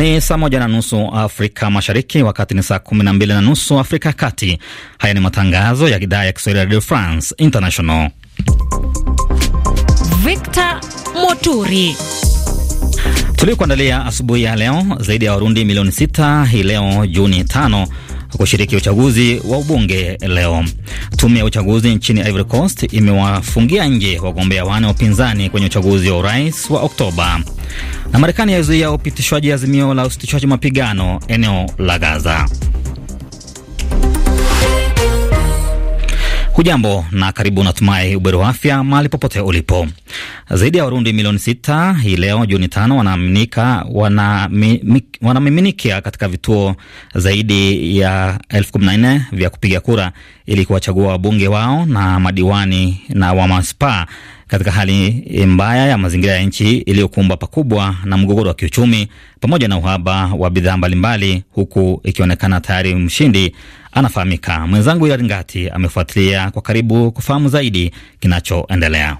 Ni saa moja na nusu Afrika Mashariki, wakati ni saa kumi na mbili na nusu Afrika ya Kati. Haya ni matangazo ya idhaa ya Kiswahili ya Radio France International. Victor Moturi tuliokuandalia asubuhi ya leo. Zaidi ya Warundi milioni sita hii leo Juni tano kushiriki uchaguzi wa ubunge leo. Tume ya uchaguzi nchini Ivory Coast imewafungia nje wagombea wane wa upinzani kwenye uchaguzi wa urais wa Oktoba, na Marekani yazuia upitishwaji azimio la usitishwaji mapigano eneo la Gaza. Hujambo na karibu, natumai uberi wa afya mahali popote ulipo. Zaidi ya Warundi milioni sita hii leo Juni tano wanamiminikia wana katika vituo zaidi ya elfu kumi na nne vya kupiga kura ili kuwachagua wabunge wao na madiwani na wa manispaa katika hali mbaya ya mazingira ya nchi iliyokumbwa pakubwa na mgogoro wa kiuchumi pamoja na uhaba wa bidhaa mbalimbali, huku ikionekana tayari mshindi anafahamika. Mwenzangu Yaringati amefuatilia kwa karibu kufahamu zaidi kinachoendelea.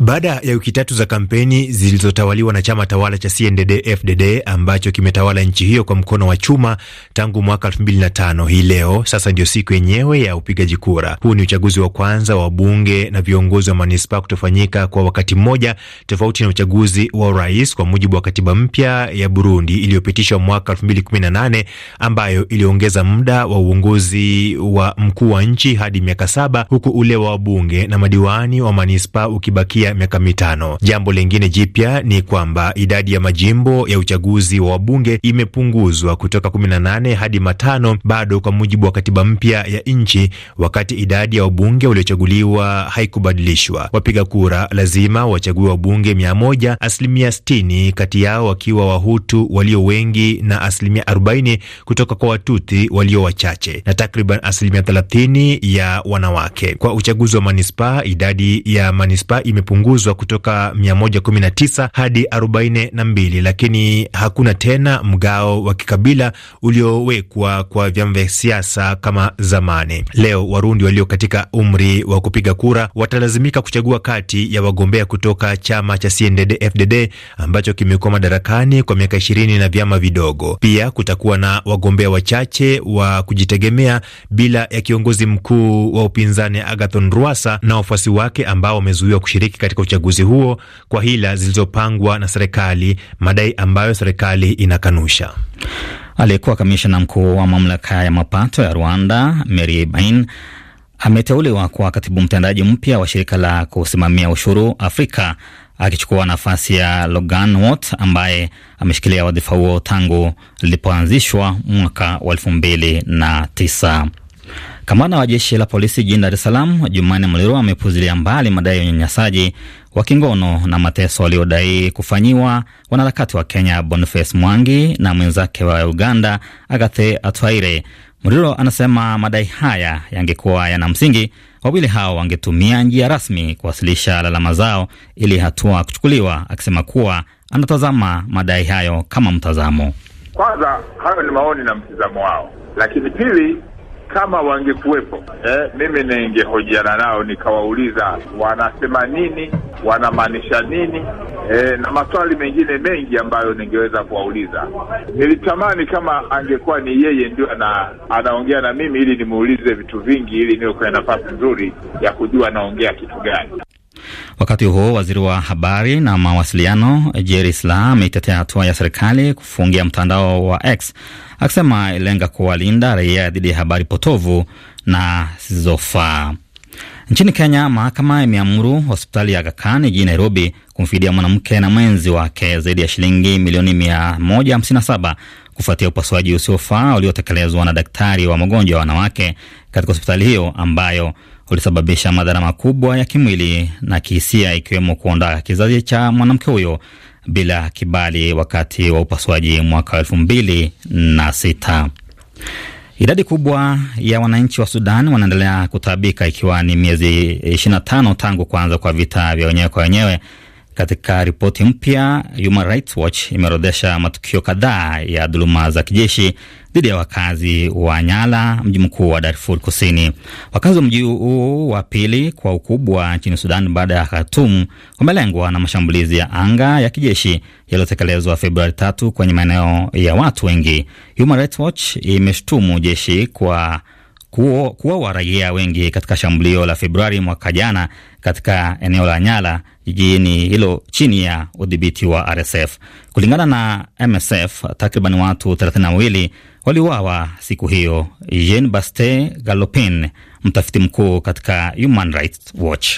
Baada ya wiki tatu za kampeni zilizotawaliwa na chama tawala cha CNDD-FDD ambacho kimetawala nchi hiyo kwa mkono wa chuma tangu mwaka 2005, hii leo sasa ndio siku yenyewe ya upigaji kura. Huu ni uchaguzi wa kwanza wa bunge na viongozi wa manispaa kutofanyika kwa wakati mmoja, tofauti na uchaguzi wa urais kwa mujibu wa katiba mpya ya Burundi iliyopitishwa mwaka 2018 ambayo iliongeza muda wa uongozi wa mkuu wa nchi hadi miaka saba, huku ule wa wabunge na madiwani wa manispaa ukibakia ya miaka mitano. Jambo lingine jipya ni kwamba idadi ya majimbo ya uchaguzi wa wabunge imepunguzwa kutoka 18 hadi matano, bado kwa mujibu wa katiba mpya ya nchi, wakati idadi ya wabunge waliochaguliwa haikubadilishwa. Wapiga kura lazima wachague wabunge 100, asilimia 60 kati yao wakiwa Wahutu walio wengi na asilimia 40 kutoka kwa Watuthi walio wachache na takriban asilimia 30 ya wanawake. Kwa uchaguzi wa manispaa, idadi ya manispaa imepungua kupunguzwa kutoka 119 hadi 42, lakini hakuna tena mgao wa kikabila uliowekwa kwa vyama vya siasa kama zamani. Leo Warundi walio katika umri wa kupiga kura watalazimika kuchagua kati ya wagombea kutoka chama cha CNDD-FDD ambacho kimekuwa madarakani kwa miaka 20 na vyama vidogo. Pia kutakuwa na wagombea wachache wa kujitegemea bila ya kiongozi mkuu wa upinzani Agathon Rwasa na wafuasi wake ambao wamezuiwa kushiriki katika uchaguzi huo kwa hila zilizopangwa na serikali, madai ambayo serikali inakanusha. Aliyekuwa kamishna mkuu wa mamlaka ya mapato ya Rwanda Mary Bain ameteuliwa kwa katibu mtendaji mpya wa shirika la kusimamia ushuru Afrika akichukua nafasi ya Logan Wot ambaye ameshikilia wadhifa huo tangu lilipoanzishwa mwaka wa elfu mbili na tisa. Kamanda wa jeshi la polisi jijini Dar es Salaam Jumanne Mliro amepuzilia mbali madai ya unyanyasaji wa kingono na mateso waliodai kufanyiwa wanaharakati wa Kenya Boniface Mwangi na mwenzake wa Uganda Agathe Atwaire. Mliro anasema madai haya yangekuwa yana msingi, wawili hao wangetumia njia rasmi kuwasilisha lalama zao ili hatua kuchukuliwa, akisema kuwa anatazama madai hayo kama mtazamo. Kwanza hayo ni maoni na mtizamo wao, lakini pili kama wangekuwepo eh, mimi ningehojiana nao nikawauliza wanasema nini, wanamaanisha nini eh, na maswali mengine mengi ambayo ningeweza kuwauliza. Nilitamani kama angekuwa ni yeye ndio ana, anaongea na mimi ili nimuulize vitu vingi, ili niwe kwenye nafasi nzuri ya kujua anaongea kitu gani. Wakati huo waziri wa habari na mawasiliano Jerry Silaa ameitetea hatua ya serikali kufungia mtandao wa X akisema ilenga kuwalinda raia dhidi ya habari potovu na zisizofaa. Nchini Kenya, mahakama imeamuru hospitali ya Gakan jijini Nairobi kumfidia mwanamke na mwenzi wake zaidi ya shilingi milioni 157 kufuatia upasuaji usiofaa uliotekelezwa na daktari wa magonjwa ya wanawake katika hospitali hiyo ambayo ulisababisha madhara makubwa ya kimwili na kihisia, ikiwemo kuondoa kizazi cha mwanamke huyo bila kibali wakati wa upasuaji mwaka elfu mbili na sita. Idadi kubwa ya wananchi wa Sudan wanaendelea kutabika ikiwa ni miezi 25 tangu kuanza kwa vita vya wenyewe kwa wenyewe katika ripoti mpya, Human Rights Watch imeorodhesha matukio kadhaa ya dhuluma za kijeshi dhidi ya wakazi wa Nyala, mji mkuu wa Darfur Kusini. Wakazi wa mji huu wa pili kwa ukubwa nchini Sudan baada ya Khartoum wamelengwa na mashambulizi ya anga ya kijeshi yaliyotekelezwa Februari tatu kwenye maeneo ya watu wengi. Human Rights Watch imeshtumu jeshi kwa kuwa raia wengi katika shambulio la Februari mwaka jana katika eneo la Nyala jijini hilo chini ya udhibiti wa RSF. Kulingana na MSF, takriban watu 32 waliuawa siku hiyo. Jean Baste Galopin, mtafiti mkuu katika Human Rights Watch.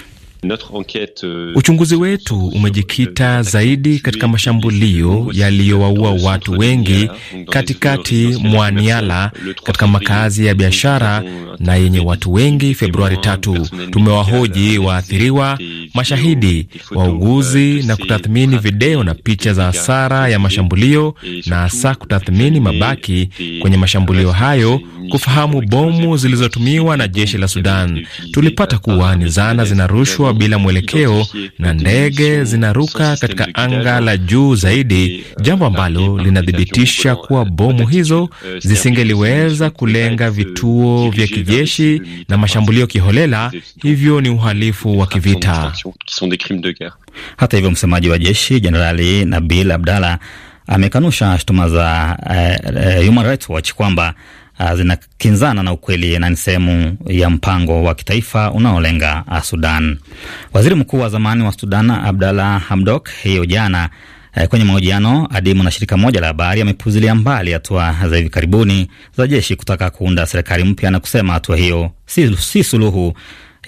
Euh, Uchunguzi wetu umejikita zaidi katika mashambulio yaliyowaua watu wengi katikati mwa Niala katika makazi ya biashara na yenye watu wengi Februari tatu. Tumewahoji waathiriwa, mashahidi, wauguzi euh, na kutathmini video na picha za hasara ya mashambulio na hasa kutathmini mabaki kwenye mashambulio hayo kufahamu bomu zilizotumiwa na jeshi la Sudan. Tulipata kuwa ni zana zinarushwa zikiwa bila mwelekeo na ndege zinaruka katika anga la juu zaidi, jambo ambalo linathibitisha kuwa bomu hizo eh, zisingeliweza kulenga eh, vituo vya kijeshi na mashambulio kiholela, hivyo ni uhalifu wa kivita. Hata hivyo, msemaji wa jeshi Jenerali Nabil Abdalla amekanusha shutuma za uh, uh, Human Rights Watch kwamba Ah, zinakinzana na ukweli na ni sehemu ya mpango wa kitaifa unaolenga ah, Sudan. Waziri mkuu wa zamani wa Sudan abdalah Hamdok hiyo jana eh, kwenye mahojiano adimu na shirika moja la habari amepuzilia mbali hatua za hivi karibuni za jeshi kutaka kuunda serikali mpya na kusema hatua hiyo si, si suluhu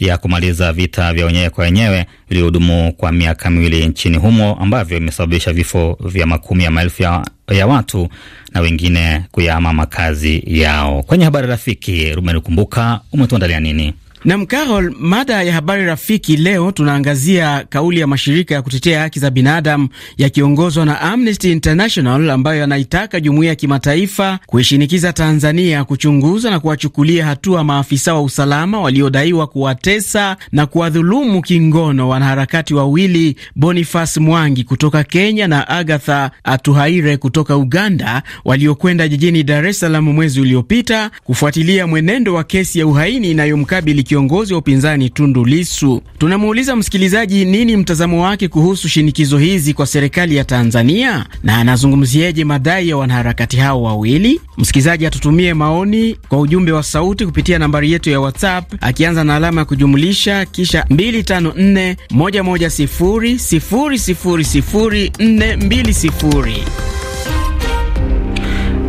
ya kumaliza vita vya wenyewe kwa wenyewe viliohudumu kwa miaka miwili nchini humo ambavyo imesababisha vifo vya makumi ya maelfu ya, ya watu na wengine kuyahama makazi yao. Kwenye habari rafiki, Ruben Kumbuka, umetuandalia nini? Nam Carol, mada ya habari rafiki leo tunaangazia kauli ya mashirika ya kutetea haki za binadamu yakiongozwa na Amnesty International ambayo yanaitaka jumuiya ya kimataifa kuishinikiza Tanzania kuchunguza na kuwachukulia hatua maafisa wa usalama waliodaiwa kuwatesa na kuwadhulumu kingono wanaharakati wawili Boniface Mwangi kutoka Kenya na Agatha Atuhaire kutoka Uganda waliokwenda jijini Dar es Salaam mwezi uliopita kufuatilia mwenendo wa kesi ya uhaini inayomkabili kiongozi wa upinzani Tundu Lisu. Tunamuuliza msikilizaji nini mtazamo wake kuhusu shinikizo hizi kwa serikali ya Tanzania na anazungumzieje madai ya wanaharakati hao wawili. Msikilizaji atutumie maoni kwa ujumbe wa sauti kupitia nambari yetu ya WhatsApp akianza na alama ya kujumulisha kisha 254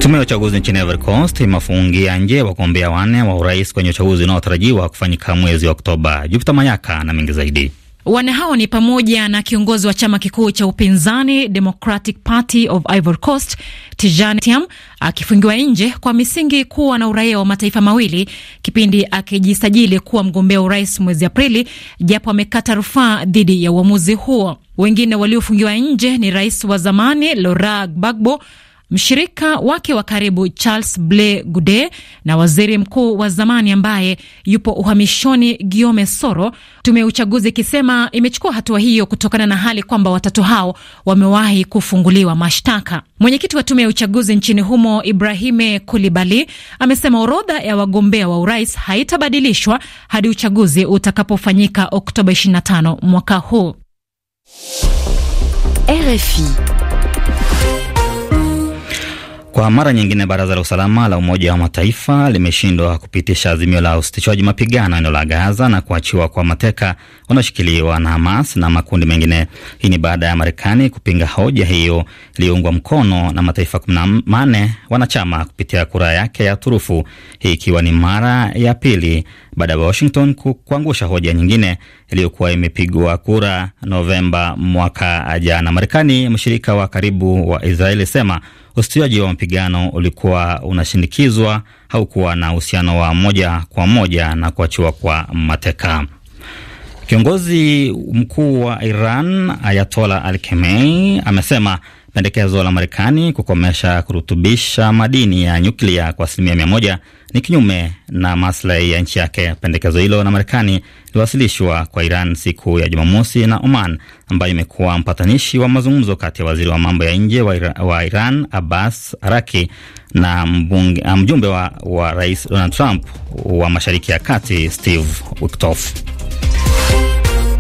Tume ya uchaguzi nchini Ivory Coast imefungia nje wagombea wanne wa urais kwenye uchaguzi unaotarajiwa kufanyika mwezi wa Oktoba. Jupita Mayaka na mengi zaidi. Wanne hao ni pamoja na kiongozi wa chama kikuu cha upinzani Democratic Party of Ivory Coast Tijani Tiam akifungiwa nje kwa misingi kuwa na uraia wa mataifa mawili kipindi akijisajili kuwa mgombea urais mwezi Aprili, japo amekata rufaa dhidi ya uamuzi huo. Wengine waliofungiwa nje ni rais wa zamani Laurent Gbagbo mshirika wake wa karibu Charles Ble Gude na waziri mkuu wa zamani ambaye yupo uhamishoni Giome Soro. Tume ya uchaguzi ikisema imechukua hatua hiyo kutokana na hali kwamba watatu hao wamewahi kufunguliwa mashtaka. Mwenyekiti wa tume ya uchaguzi nchini humo Ibrahime Kulibali amesema orodha ya wagombea wa urais haitabadilishwa hadi uchaguzi utakapofanyika Oktoba 25 mwaka huu. RFI kwa mara nyingine baraza la usalama la Umoja wa Mataifa limeshindwa kupitisha azimio la usitishwaji mapigano eneo la Gaza na kuachiwa kwa mateka wanaoshikiliwa na Hamas na makundi mengine. Hii ni baada ya Marekani kupinga hoja hiyo iliyoungwa mkono na mataifa kumi na manne wanachama kupitia kura yake ya turufu, hii ikiwa ni mara ya pili baada ya Washington kuangusha hoja nyingine iliyokuwa imepigwa kura Novemba mwaka jana. Marekani, mshirika wa karibu wa Israeli, sema usitiaji wa mapigano ulikuwa unashinikizwa, haukuwa na uhusiano wa moja kwa moja na kuachiwa kwa mateka. Kiongozi mkuu wa Iran Ayatola Al Khamenei amesema Pendekezo la Marekani kukomesha kurutubisha madini ya nyuklia kwa asilimia mia moja ni kinyume na maslahi ya nchi yake. Pendekezo hilo la Marekani liliwasilishwa kwa Iran siku ya Jumamosi na Oman, ambayo imekuwa mpatanishi wa mazungumzo kati ya waziri wa mambo ya nje wa Iran Abbas Araki na mbunge, mjumbe wa, wa rais Donald Trump wa mashariki ya kati Steve Witkoff.